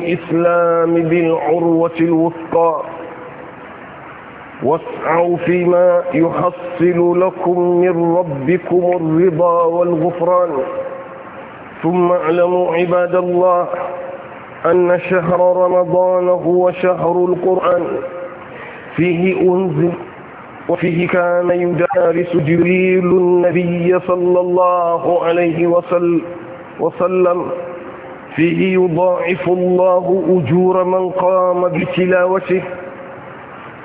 الإسلام بالعروة الوثقى واسعوا فيما يحصل لكم من ربكم الرضا والغفران ثم اعلموا عباد الله أن شهر رمضان هو شهر القرآن فيه أنزل وفيه كان يدارس جبريل النبي صلى الله عليه وسلم فيه يضاعف الله أجور من قام بتلاوته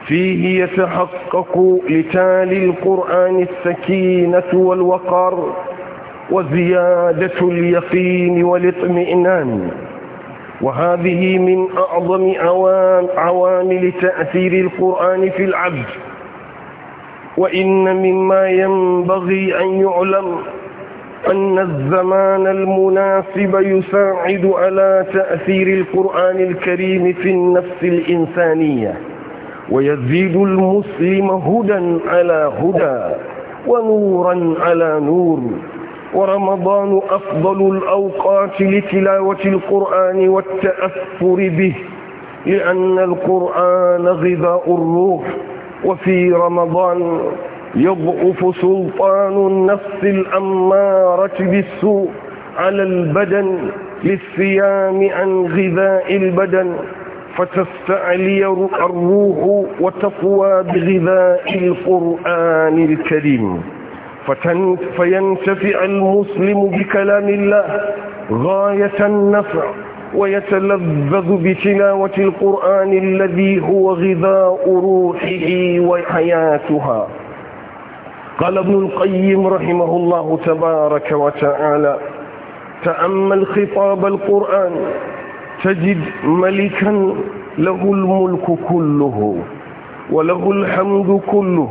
فيه يتحقق لتالي القرآن السكينة والوقار وزيادة اليقين والاطمئنان وهذه من أعظم عوامل تأثير القرآن في العبد وإن مما ينبغي أن يعلم أن الزمان المناسب يساعد على تأثير القرآن الكريم في النفس الإنسانية ويزيد المسلم هدى على هدى ونورا على نور ورمضان أفضل الأوقات لتلاوة القرآن والتأثر به لأن القرآن غذاء الروح وفي رمضان يضعف سلطان النفس الأمارة بالسوء على البدن للصيام عن غذاء البدن فتستعلي الروح وتقوى بغذاء القرآن الكريم فينتفع المسلم بكلام الله غاية النفع ويتلذذ بتلاوة القرآن الذي هو غذاء روحه وحياتها قال ابن القيم رحمه الله تبارك وتعالى تأمل خطاب القرآن تجد ملكا له الملك كله وله الحمد كله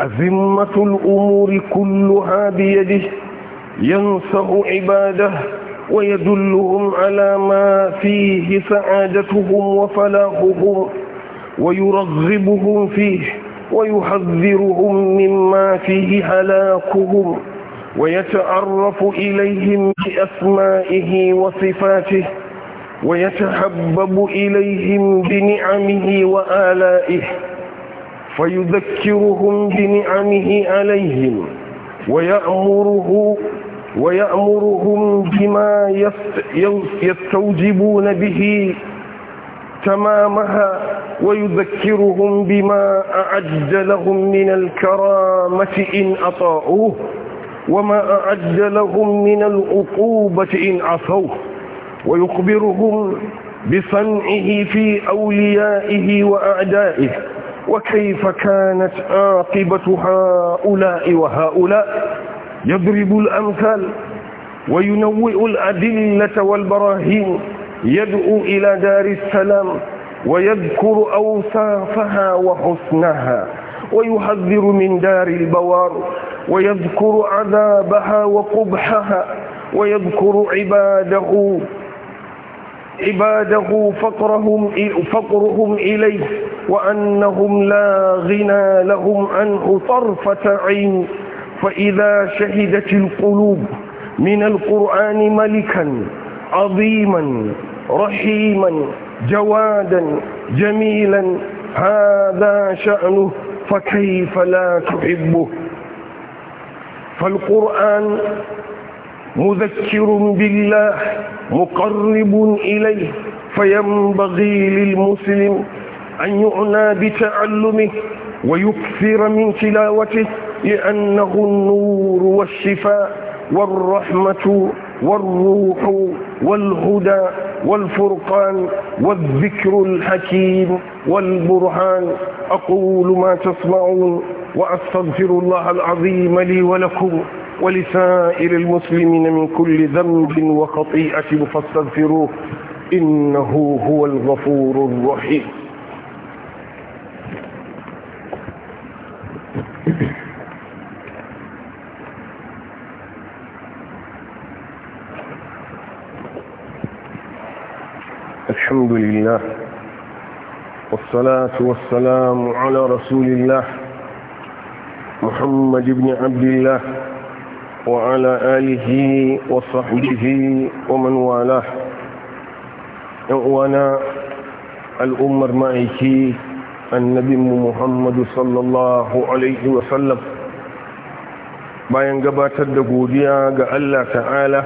أذمة الأمور كلها بيده ينصر عباده ويدلهم على ما فيه سعادتهم وفلاحهم ويرغبهم فيه ويحذرهم مما فيه هلاكهم ويتعرف إليهم بأسمائه وصفاته ويتحبب إليهم بنعمه وآلائه فيذكرهم بنعمه عليهم ويأمره ويأمرهم بما يستوجبون به تمامها ويذكرهم بما أعد لهم من الكرامة إن أطاعوه وما أعد لهم من العقوبة إن عصوه ويخبرهم بصنعه في أوليائه وأعدائه وكيف كانت عاقبة هؤلاء وهؤلاء يضرب الأمثال وينوئ الأدلة والبراهين يدعو إلى دار السلام ويذكر أوصافها وحسنها ويحذر من دار البوار ويذكر عذابها وقبحها ويذكر عباده عباده فقرهم فقرهم إليه وأنهم لا غنى لهم عنه طرفة عين فإذا شهدت القلوب من القرآن ملكا عظيما رحيما جوادا جميلا هذا شأنه فكيف لا تحبه فالقرآن مذكر بالله مقرب إليه فينبغي للمسلم أن يعنى بتعلمه ويكثر من تلاوته لأنه النور والشفاء والرحمة والروح والهدى والفرقان والذكر الحكيم والبرهان أقول ما تسمعون وأستغفر الله العظيم لي ولكم ولسائر المسلمين من كل ذنب وخطيئة فاستغفروه إنه هو الغفور الرحيم الحمد لله والصلاة والسلام على رسول الله محمد بن عبد الله وعلى آله وصحبه ومن والاه وانا الأمر مائكي النبي محمد صلى الله عليه وسلم باين gabatar da godiya قال تعالى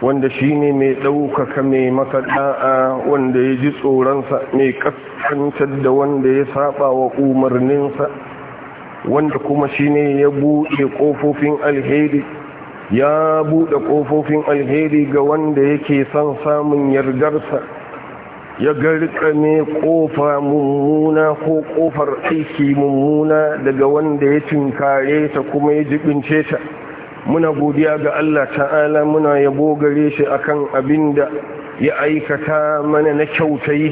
wanda shi ne mai ɗaukaka mai makaɗa'a wanda ya ji tsoronsa mai ƙasƙantar da wanda ya saba wa umarninsa wanda kuma shi ne ya buɗe ƙofofin alheri ya buɗe ƙofofin alheri ga wanda yake son samun yardarsa ya ne ƙofa mummuna ko ƙofar aiki mummuna daga wanda ya cinkare ta kuma ya jibince ta muna godiya ga Allah ta'ala muna yabo gare shi akan abin da ya aikata mana na kyautayi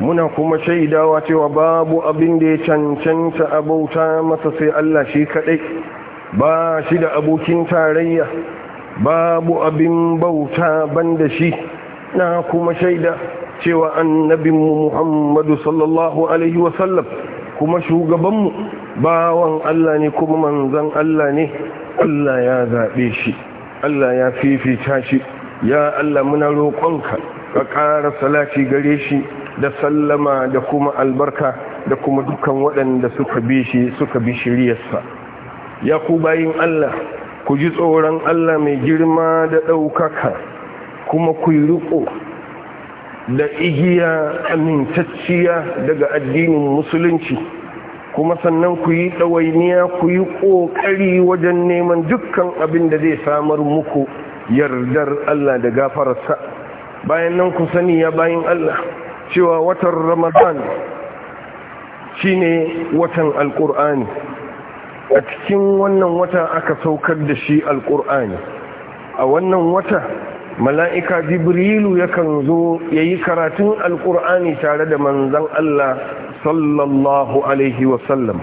muna kuma shaidawa cewa babu abin da ya cancanta abauta masa sai Allah shi kaɗai. ba shi da abokin tarayya babu abin bauta banda shi na kuma shaida cewa annabinmu Muhammadu sallallahu alaihi wasallam kuma shugabanmu bawan Allah ne kuma manzan Allah ne Allah ya zaɓe shi Allah ya fifita shi ya Allah muna roƙonka ka ƙara salati gare shi da sallama da kuma albarka da kuma dukkan waɗanda suka bi shi suka bi shiriyarsa ya ku bayin Allah ku ji tsoron Allah mai girma da ɗaukaka kuma ku yi riƙo da igiya amintacciya daga addinin musulunci kuma sannan ku yi ɗawainiya ku yi ƙoƙari wajen neman dukkan abin da zai samar muku yardar Allah da gafararsa bayan nan ku sani ya bayan Allah cewa watan ramadan shi ne watan alƙur'ani a cikin wannan wata aka saukar da shi alƙur'ani a wannan wata mala'ika jibrilu yakan zo ya yi karatun alƙur'ani tare da manzan Allah sallallahu alaihi wasallam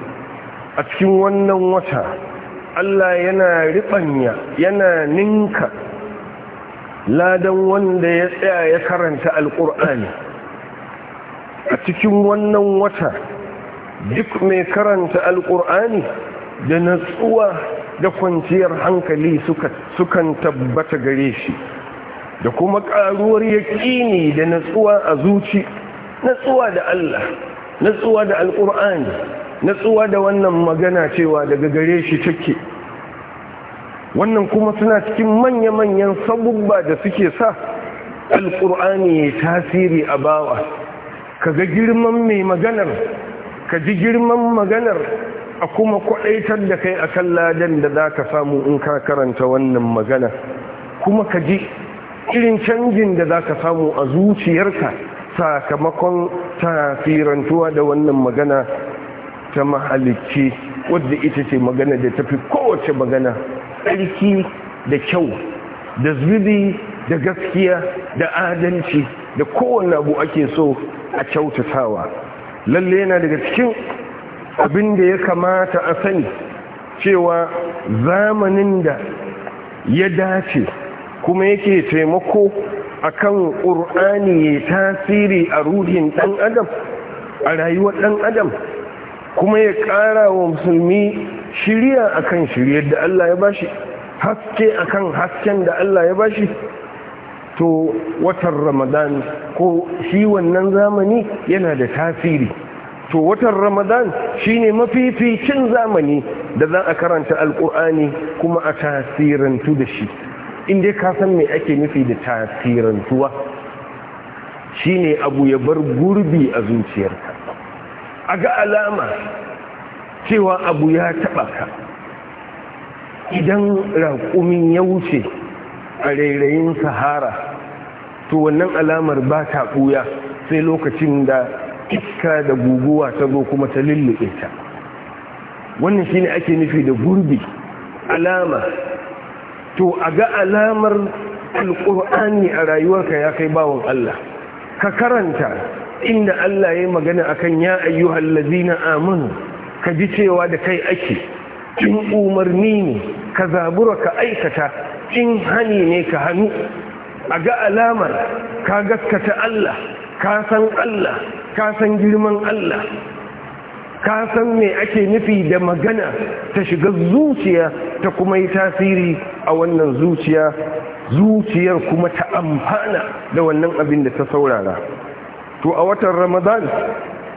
a cikin wannan wata Allah yana riɓanya yana ninka ladan wanda ya tsaya ya karanta alƙur'ani a cikin wannan wata duk mai karanta alƙur'ani da natsuwa da kwanciyar hankali sukan tabbata gare shi da kuma ƙaruwar yaƙini da natsuwa a zuci natsuwa da Allah natsuwa da alƙur'ani natsuwa da wannan magana cewa daga gare shi take wannan kuma suna cikin manya-manyan sabubba da suke sa alƙur'ani ya tasiri a bawa ka ga girman mai maganar ka ji girman maganar a kuma kwaɗaitar da kai a kan ladan da za ka samu in ka karanta wannan magana kuma ka ji irin canjin da za ka samu a zuciyarka sakamakon tafirantuwa da wannan magana ta mahalicci wadda ita ce magana da tafi kowace magana tsarki da kyau da zubi da gaskiya da adalci da kowane abu ake so a kyautatawa lalle yana daga cikin abin da ya kamata a sani cewa zamanin da ya dace kuma yake taimako akan ƙur'ani ya tasiri a ruhin ɗan adam a rayuwar ɗan adam kuma ya ƙara wa musulmi shirya akan shiryar da Allah ya bashi haske akan hasken da Allah ya bashi to watan ramadan ko shi wannan zamani yana da tasiri to watan ramadan shine mafificin zamani da za a karanta alƙur'ani kuma a tasirantu da shi in dai ka san me ake nufi da tasirantuwa shine abu ya bar gurbi a zuciyarka a ga alama cewa abu ya taɓa ka idan raƙumin ya wuce a rairayin sahara to wannan alamar ba ta ɓuya sai lokacin da iska da guguwa ta zo kuma ta lullube ta wannan shine ake nufi da gurbi alama to a ga alamar alƙur'ani a rayuwarka ya kai bawan Allah ka karanta inda Allah ya yi magana akan ya ayyuhal ladzina amanu ka ji cewa da kai ake in umarni ne ka zabura ka aikata in hani ne ka hannu a ga alamar ka gaskata Allah ka san Allah ka san girman Allah ka san me ake nufi da magana ta shiga zuciya ta kuma yi tasiri a wannan zuciya zuciyar kuma ta amfana da wannan abin da ta saurara to a watan ramadan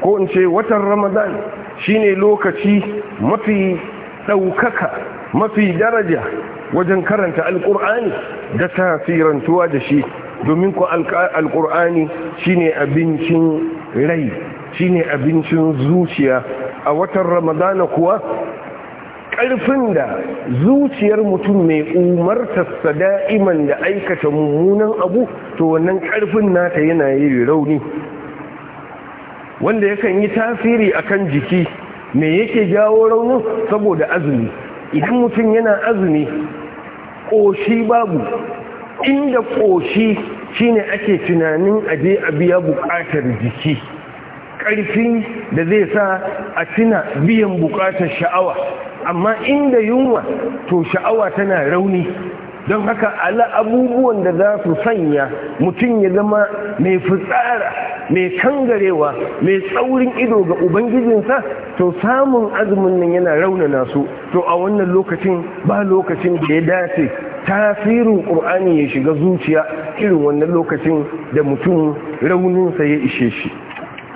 ko in ce watan ramadan shine lokaci mafi ɗaukaka mafi daraja wajen karanta alƙur'ani da tasirantuwa da shi domin ku alƙur'ani shine abincin rai shine abincin zuciya a watan ramadana kuwa ƙarfin da zuciyar mutum mai umartarsa da'iman da aikata mummunan abu to wannan ƙarfin nata yana yi rauni wanda yakan yi tasiri akan jiki me yake jawo raunin saboda azumi idan mutum yana azumi ƙoshi babu inda ƙoshi shine ake tunanin aje a biya buƙatar jiki ƙarfin da zai sa a tuna biyan buƙatar sha'awa amma inda yunwa to sha'awa tana rauni don haka ala abubuwan da za su sanya mutum ya zama mai fitsara mai kangarewa mai tsaurin ido ga ubangijinsa to samun azumin nan yana raunana su to a wannan lokacin ba lokacin da ya dace tasirin ƙur'ani ya shiga zuciya irin wannan lokacin da mutum rauninsa ya ishe shi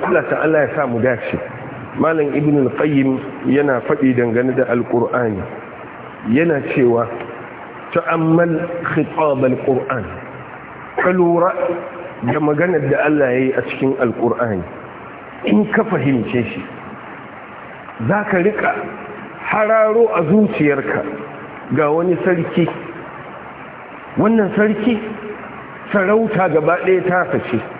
Allah ta'ala ya sa mu dace malam Ibnu al-qayyim yana faɗi dangane da al-qur'ani yana cewa ta'ammal khitab al-qur'an kalura da maganar da Allah yayi a cikin al-qur'ani in ka fahimce shi zaka rika hararo a zuciyarka ga wani sarki wannan sarki sarauta gaba ɗaya ta kace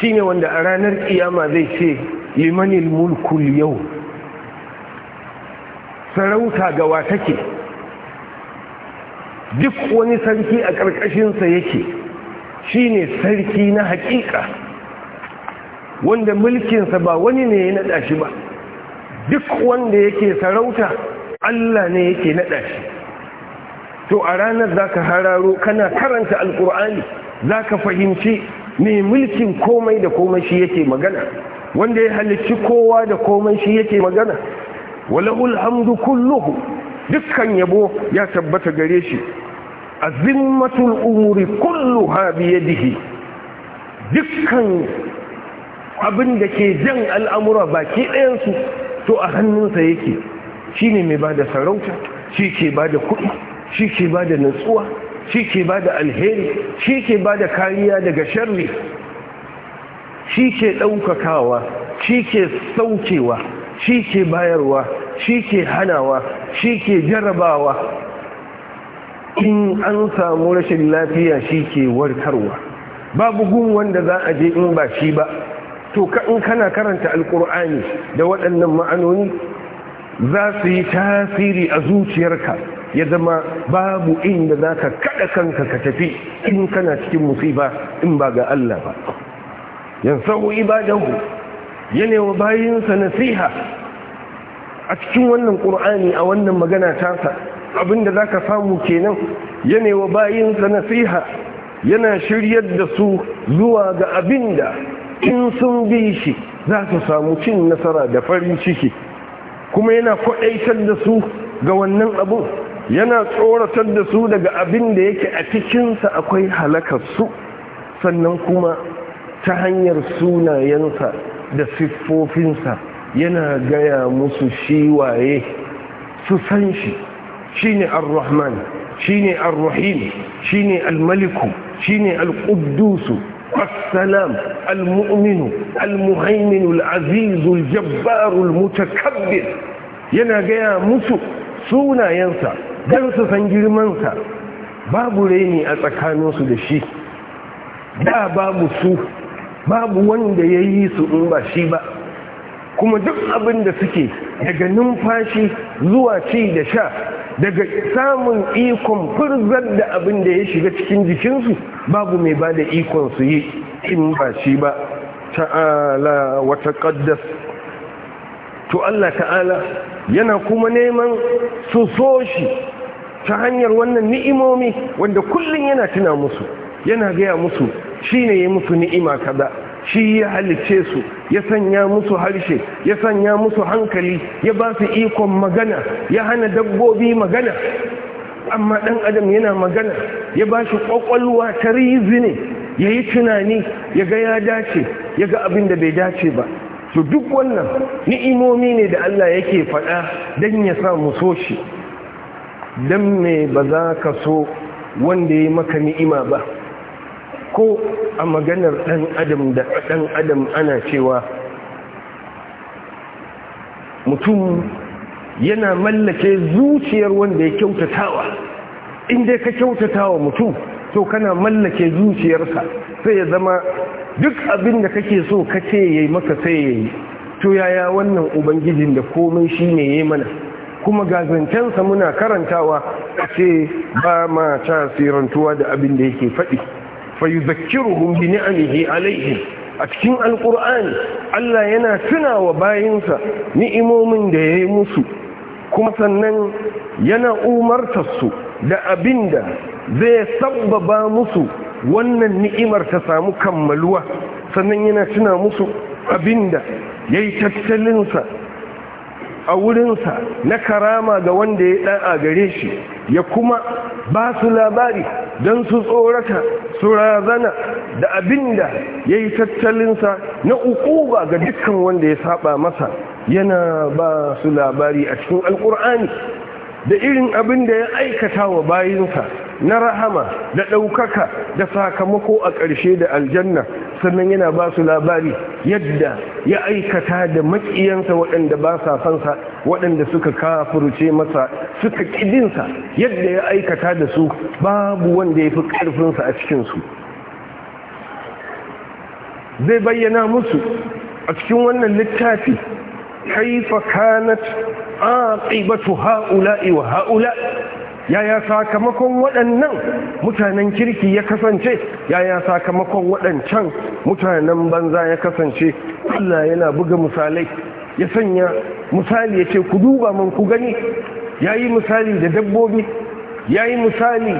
Shi ne wanda a ranar kiyama zai ce limanil mulkul yau sarauta gawa take duk wani sarki a ƙarƙashinsa yake shi ne sarki na haƙiƙa wanda mulkinsa ba wani ne ya naɗa shi ba duk wanda yake sarauta Allah ne yake naɗa shi to a ranar za ka hararo kana karanta alƙur'ani za ka fahimci mai mulkin komai da komai shi yake magana wanda ya halicci kowa da komai shi yake magana walahul hamdu kulluhu dukkan yabo ya tabbata gare shi azimmatul umuri kulluha biyadihi dukkan abin da ke jan al'amura baki ɗayansu to a hannunsa yake shine ne mai ba sarauta shi ke bada kuɗi shi ke bada natsuwa shi ke ba da alheri shi ke ba da kariya daga sharri shi ke ɗaukakawa shi ke saukewa shi ke bayarwa shi ke hanawa shi ke jarabawa in an samu rashin lafiya shi ke warkarwa babu gun wanda za a je in ba shi ba to in kana karanta alkur'ani da waɗannan ma'anoni za su yi tasiri a zuciyarka ya zama babu inda za ka kaɗa kanka ka tafi in kana cikin musiba in ba ga Allah ba yan sa'o ibadahu yana wa bayinsa nasiha a cikin wannan ƙur'ani a wannan magana tasa abinda za ka samu kenan yana wa bayinsa nasiha yana shiryar da su zuwa ga abinda in sun bi shi za su samu cin nasara da farin ciki kuma yana kwaɗaitar da su ga wannan abu yana tsoratar da su daga abin da yake a cikinsa akwai halakarsu sannan kuma ta hanyar sunayensa da siffofinsa yana gaya musu shiwaye waye su san shi shi ne al rahman shi ne al rahim shi ne al-maliku shi ne al-ƙuddusu السلام المؤمن المهيمن العزيز الجبار المتكبر ينا جاء مسو سونا ينسى don su san girmansa babu reni a tsakaninsu da shi da babu su babu wanda ya yi su in ba shi ba kuma duk abin da suke daga numfashi zuwa ci da sha daga samun ikon furzar da abin da ya shiga cikin jikinsu babu mai ba da ikon su yi in ba shi ba ta'ala wata ƙaddas to Allah ta'ala yana kuma neman su so shi ta hanyar wannan ni'imomi wanda kullum yana tuna musu yana gaya musu shi ne ya musu ni'ima kaza shi ya halicce su ya sanya musu harshe ya sanya musu hankali ya ba su ikon magana ya hana dabbobi magana amma ɗan adam yana magana ya ba shi ƙwaƙwalwa ta rizini ya yi tunani ya ga ya dace ya ga abin da bai dace ba to duk wannan ni'imomi ne da Allah yake faɗa don ya sa mu so shi don me ba za ka so wanda ya maka ni'ima ba ko a maganar ɗan adam da ɗan adam ana cewa mutum yana mallake zuciyar wanda ya kyautatawa inda ka kyautatawa mutum to kana mallake zuciyarsa sai ya zama duk abin da kake so kace yayi maka sai yayi to yaya wannan ubangijin da komai shine yayi mana kuma gazancensa muna karantawa ce ba ma ta sirantuwa da abin da yake faɗi fa yuzakkiruhum bi ni'amihi alaihim a cikin alkur'ani Allah yana tuna wa bayansa ni'imomin da ya yi musu kuma sannan yana umarta su da abin da zai sabbaba musu wannan ni'imar ta samu kammaluwa sannan yana tuna musu abin da ya yi tattalinsa a wurinsa na karama ga wanda ya a gare shi ya kuma ba su labari don su tsorata su razana da abinda ya yi tattalinsa na ukuba ga dukkan wanda ya saba masa yana ba su labari a cikin alkur'ani da irin abin da ya aikata wa bayinsa na rahama da ɗaukaka da sakamako a ƙarshe da aljanna sannan yana ba su labari yadda ya aikata da maƙiyansa waɗanda ba sa fansa waɗanda suka kafurce masa suka ƙidinsa yadda ya aikata da su babu wanda ya fi ƙarfinsa a cikinsu zai bayyana musu a cikin wannan littafi kaifa kanat aqibatu ha'ula'i wa ha'ula'i yaya sakamakon waɗannan mutanen kirki ya kasance yaya sakamakon waɗancan mutanen banza ya kasance Allah yana buga misalai ya sanya misali ya ce ku duba man ku gani ya yi misali da dabbobi ya yi misali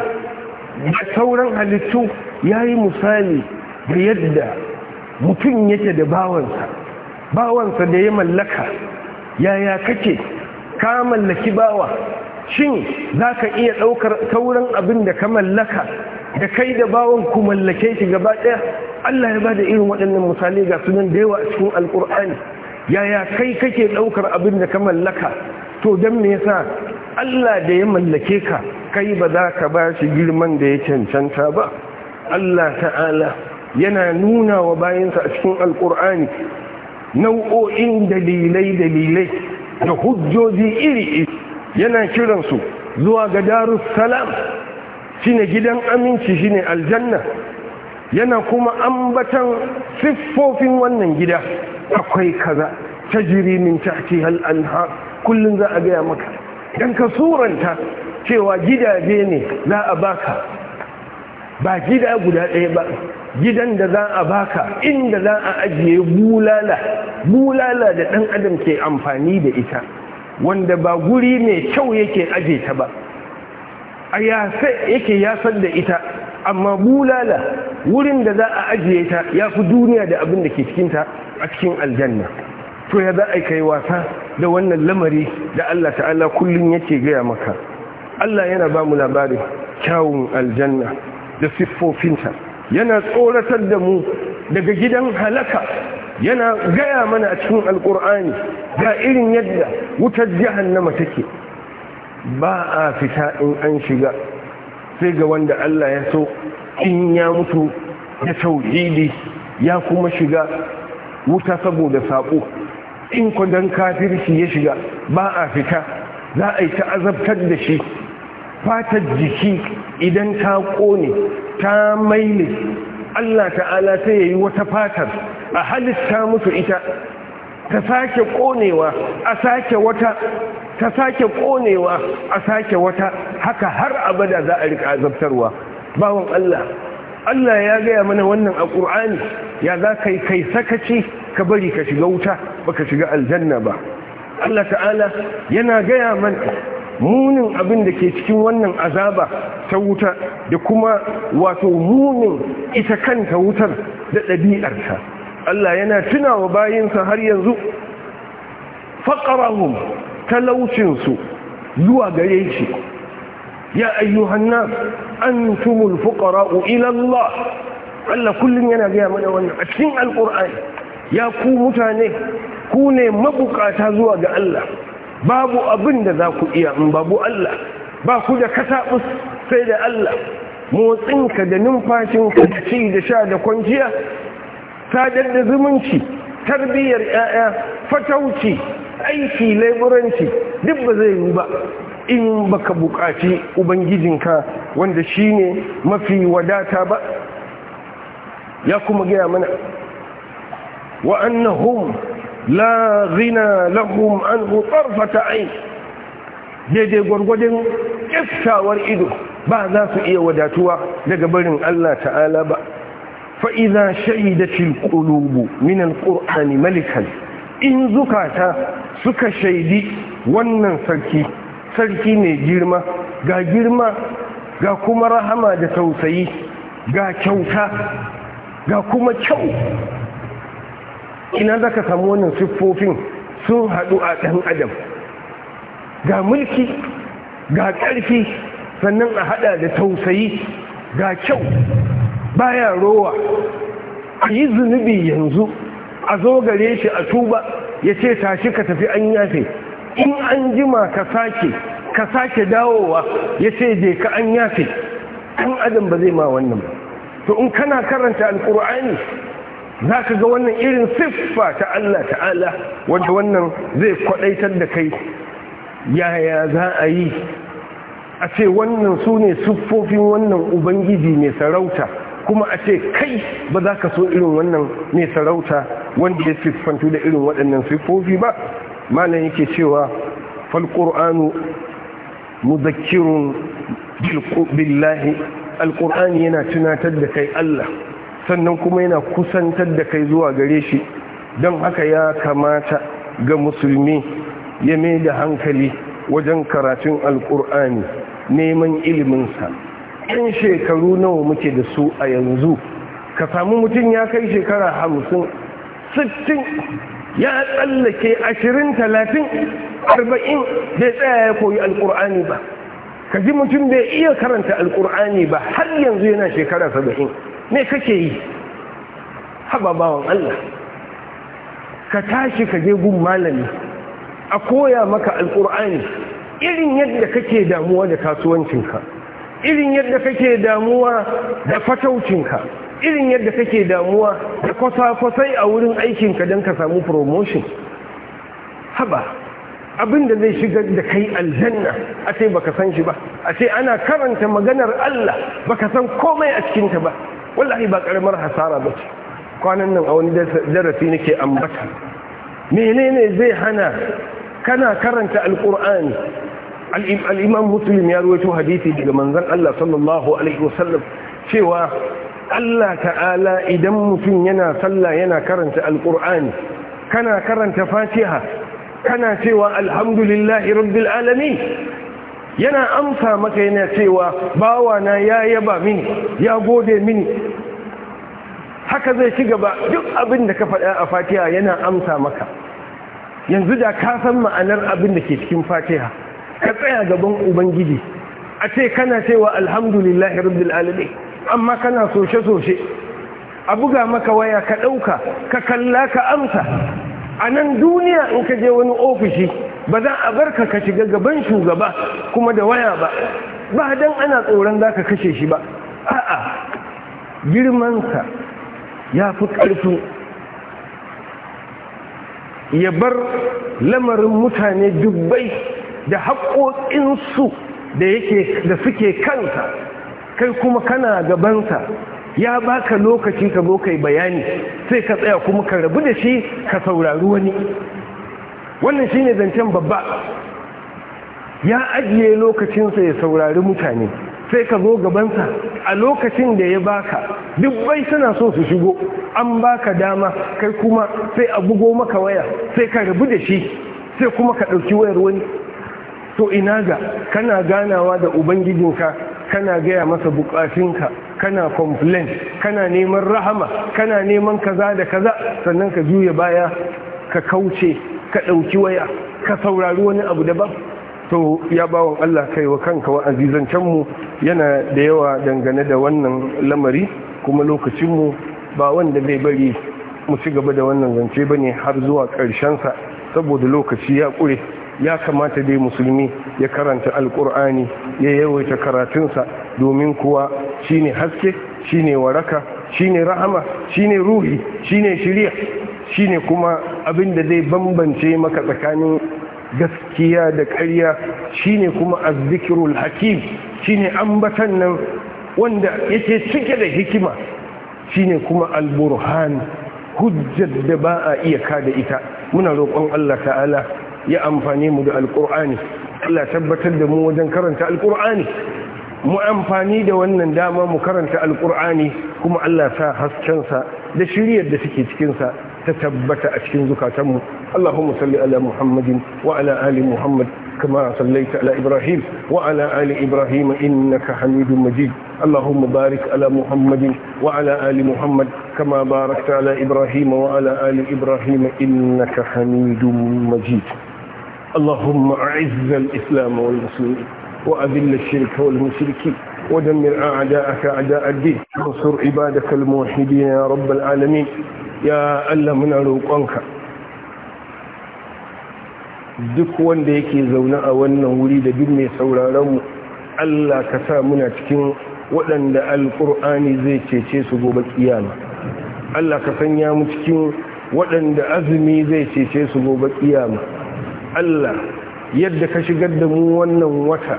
da sauran halittu ya yi misali da yadda mutum yake da bawansa bawansa da ya mallaka yaya kake ka mallaki bawa shin za ka iya ɗaukar tauran abin da ka mallaka da kai da bawon ku mallake shi gaba ɗaya Allah ya ba da irin waɗannan misali ga sunan da yawa a cikin alƙur'ani yaya kai kake ɗaukar abin da ka mallaka to don me yasa Allah da ya mallake ka kai ba za ka ba shi girman da ya cancanta ba Allah ta'ala yana nuna wa bayansa a cikin alƙur'ani nau'o'in dalilai dalilai da hujjoji iri iri yana kiransu zuwa ga darus salam shine gidan aminci shine aljanna yana kuma ambatan siffofin wannan gida akwai kaza tajiri min tahtiha al-anhar za a gaya maka dan ka suranta cewa gidaje ne za a baka ba gida guda ɗaya ba gidan da za a baka inda za a ajiye bulala bulala da ɗan adam ke amfani da ita wanda ba guri mai kyau yake aje ta ba a yake yasar da ita amma bulala wurin da za a ajiye ta ya fi duniya da abin da ke cikinta a cikin aljanna to ya za a kai wasa da wannan lamari da Allah ta'ala kullum yake gaya maka Allah yana ba mu labarin kyawun aljanna da siffofinta yana tsoratar da mu daga gidan halaka yana gaya mana a cikin alkur'ani ga irin yadda wutar jahannama take ba a fita in an shiga sai ga wanda Allah ya so in ya mutu ya tauhidi ya kuma shiga wuta saboda saƙo in kudan kafirci ya shiga ba a fita za a yi ta azabtar da shi fatar jiki idan ta ƙone ta maile Allah ta'ala ta yayi wata fatar a halitta musu ita ta sake konewa a sake wata ta sake konewa a sake wata haka har abada za a rika azabtarwa bawon Allah Allah ya gaya mana wannan a ƙurani ya za kai kai sakaci ka bari ka shiga wuta baka shiga aljanna ba Allah ta'ala yana gaya mana munin abin da ke cikin wannan azaba ta wuta da kuma wato munin ita kanta wutar da ɗabi'arta Allah yana tunawa bayinsa har yanzu faƙarahum talaucinsu zuwa gare shi ya ayyuhan an antumul fuqara'u ila Allah Allah kullum yana gaya mana wannan a cikin alƙur'ani ya ku mutane ku ne mabukata zuwa ga Allah babu abin da za ku iya in babu Allah ba ku da katabus sai da Allah motsinka da numfashinka da ci da sha da kwanciya sadar da zumunci tarbiyyar 'ya'ya fatauci aiki laiburanci duk ba zai yi ba in baka buƙaci ubangijinka wanda shi ne mafi wadata ba ya kuma gaya mana wa'annahum la ghina lahum anhu tarfata daidai gwargwadon kiftawar ido ba za su iya wadatuwa daga barin Allah ta'ala ba fa idza shahidatil qulubu min alqur'ani malikan in zukata suka shaidi wannan sarki sarki mai girma ga girma ga kuma rahama da tausayi ga kyauta ga kuma kyau ina za ka samu wannan siffofin sun haɗu a ɗan adam ga mulki ga ƙarfi sannan a haɗa da tausayi ga kyau baya rowa a yi zunubi yanzu a zo gare shi a tuba ya ce tashi ka tafi an yafe in an jima ka sake ka sake dawowa ya ce je ka an yafe ɗan adam ba zai ma wannan ba to in kana karanta alƙur'ani za ka ga wannan irin siffa ta Allah ta'ala wanda wannan zai kwadaitar da kai yaya za a yi a ce wannan su ne siffofin wannan ubangiji mai sarauta kuma a ce kai ba za ka so irin wannan mai sarauta wanda ya siffantu da irin waɗannan siffofi ba malam yake cewa falƙur'anu muzakkirun billahi alƙur'ani yana tunatar da kai Allah sannan kuma yana kusantar da kai zuwa gare shi don haka ya kamata ga musulmi ya mai da hankali wajen karatun alkur'ani neman iliminsa ɗan shekaru nawa muke da su a yanzu ka samu mutum ya kai shekara hamsin sittin ya tsallake ashirin talatin arba'in bai tsaya ya koyi alkur'ani ba ka ji mutum bai iya karanta alkur'ani ba har yanzu yana shekara saba'in me kake yi haba bawan Allah ka tashi ka je gun malami a koya maka alkur'ani irin yadda kake damuwa da kasuwancinka irin yadda kake damuwa da fataucinka irin yadda kake damuwa da kwasa-kwasai a wurin aikinka don ka samu promotion haba abin zai shiga da kai aljanna a ba baka san shi ba a sai ana karanta maganar Allah baka san komai a cikinta ba wallahi ba karamar hasara ba ce kwanan nan a wani darasi nake ambata menene zai hana kana karanta alkur'ani al'imam muslim ya ruwaito hadisi daga manzon Allah sallallahu alaihi wasallam cewa Allah ta'ala idan mutum yana sallah yana karanta alkur'ani kana karanta fatiha kana cewa alhamdulillahi rabbil alamin yana amsa maka yana cewa bawa na ya yaba mini ya gode mini haka zai ci gaba duk abin da ka faɗa a fatiha yana amsa maka yanzu da ka san ma'anar abin da ke cikin fatiha ka tsaya gaban ubangiji a ce kana cewa alhamdulillahi rabbil alamin amma kana soshe soshe a buga maka waya ka ɗauka ka kalla ka amsa a nan duniya in ka je wani ofishi ba za a barka ka shiga gaban shugaba kuma da waya ba ba dan ana tsoron za ka kashe shi ba a'a girmansa ya fi ƙarfin ya bar lamarin mutane dubbai da haƙoƙinsu da yake da suke kansa kai kuma kana gabansa ya baka lokaci ka zo kai bayani sai ka tsaya kuma ka rabu da shi ka saurari wani wannan shine zancen babba ya ajiye lokacinsa ya saurari mutane sai ka zo gabansa a lokacin da ya baka duk bai suna so su shigo an baka dama kai kuma sai a bugo maka waya sai ka rabu da shi sai kuma ka ɗauki wayar wani to ina ga kana ganawa da ubangijinka kana gaya masa bukatunka kana complain kana neman rahama kana neman kaza da kaza sannan ka juya baya ka kauce ka ɗauki waya ka saurari wani abu daban to ya bawa Allah kai wa kanka wa azizancenmu yana da yawa dangane da wannan lamari kuma lokacinmu ba wanda bai bari mu ci gaba da wannan zance ba ne har zuwa ƙarshensa saboda lokaci ya ƙure ya kamata dai musulmi ya karanta alƙur'ani ya yawaita karatunsa domin kuwa shine haske shine waraka shine rahama shine ruhi shine shirya. shine kuma abin da zai bambance maka tsakanin gaskiya da ƙarya shine kuma azzikirul hakim shine ambatan nan wanda yake cike da hikima shine kuma alburhan hujjar da ba a iya kada ita muna roƙon Allah ta'ala ya amfani mu da alƙur'ani Allah tabbatar da mu wajen karanta alƙur'ani mu amfani da wannan dama mu karanta alƙur'ani kuma Allah sa haskensa da shiryar da suke cikinsa تثبت أشكين زكاتهم اللهم صل على محمد وعلى آل محمد كما صليت على إبراهيم وعلى آل إبراهيم إنك حميد مجيد اللهم بارك على محمد وعلى آل محمد كما باركت على إبراهيم وعلى آل إبراهيم إنك حميد مجيد اللهم أعز الإسلام والمسلمين وأذل الشرك والمشركين ودمر أعداءك أعداء الدين وانصر عبادك الموحدين يا رب العالمين ya Allah muna roƙonka duk wanda yake zaune a wannan wuri da duk mai sauraronmu Allah ka sa muna cikin waɗanda alƙur'ani zai cece su gobe kiyama Allah ka sanya mu cikin waɗanda azumi zai cece su gobe kiyama Allah yadda ka shigar da mu wannan wata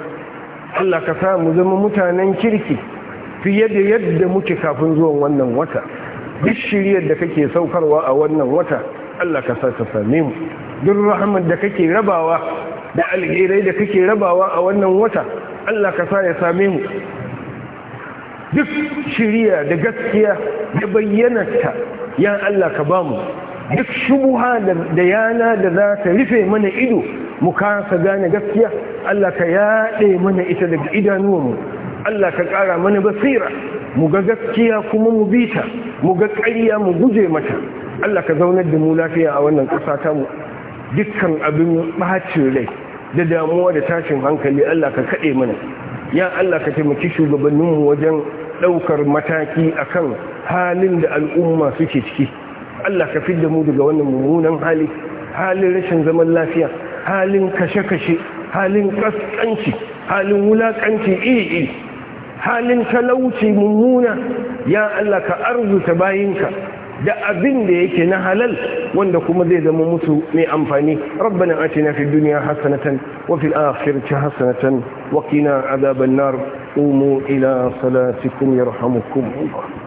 Allah ka sa mu zama mutanen kirki fiye da yadda muke kafin zuwan wannan wata duk shiryar da kake saukarwa a wannan wata Allah ka sa ta same mu duk rahaman da kake rabawa da alherai da kake rabawa a wannan wata Allah ka sa ya same mu duk shiriya da gaskiya da ta, ya Allah ka ba mu duk shubuha da yana da za ta rufe mana ido mu kasa gane gaskiya Allah ka yaɗe mana ita daga idanuwanmu Allah ka ƙara mana basira mu ga gaskiya kuma mu bi ta mu ga ƙarya mu guje mata Allah ka zaunar da mu lafiya a wannan ƙasa ta mu dukkan abin ɓacin rai da damuwa da tashin hankali Allah ka kaɗe mana ya Allah ka taimaki shugabanninmu wajen ɗaukar mataki a kan halin da al'umma suke ciki Allah ka fidda mu daga wannan mummunan hali halin rashin zaman lafiya halin kashe-kashe halin kaskanci halin wulakanci iri-iri halin talauci mummuna ya Allah ka arzuta bayinka da abin da yake na halal wanda kuma zai zama musu mai amfani rabbana atina fid dunya hasanatan wa fil akhirati hasanatan wa qina adhaban nar umu ila salatikum yarhamukum Allah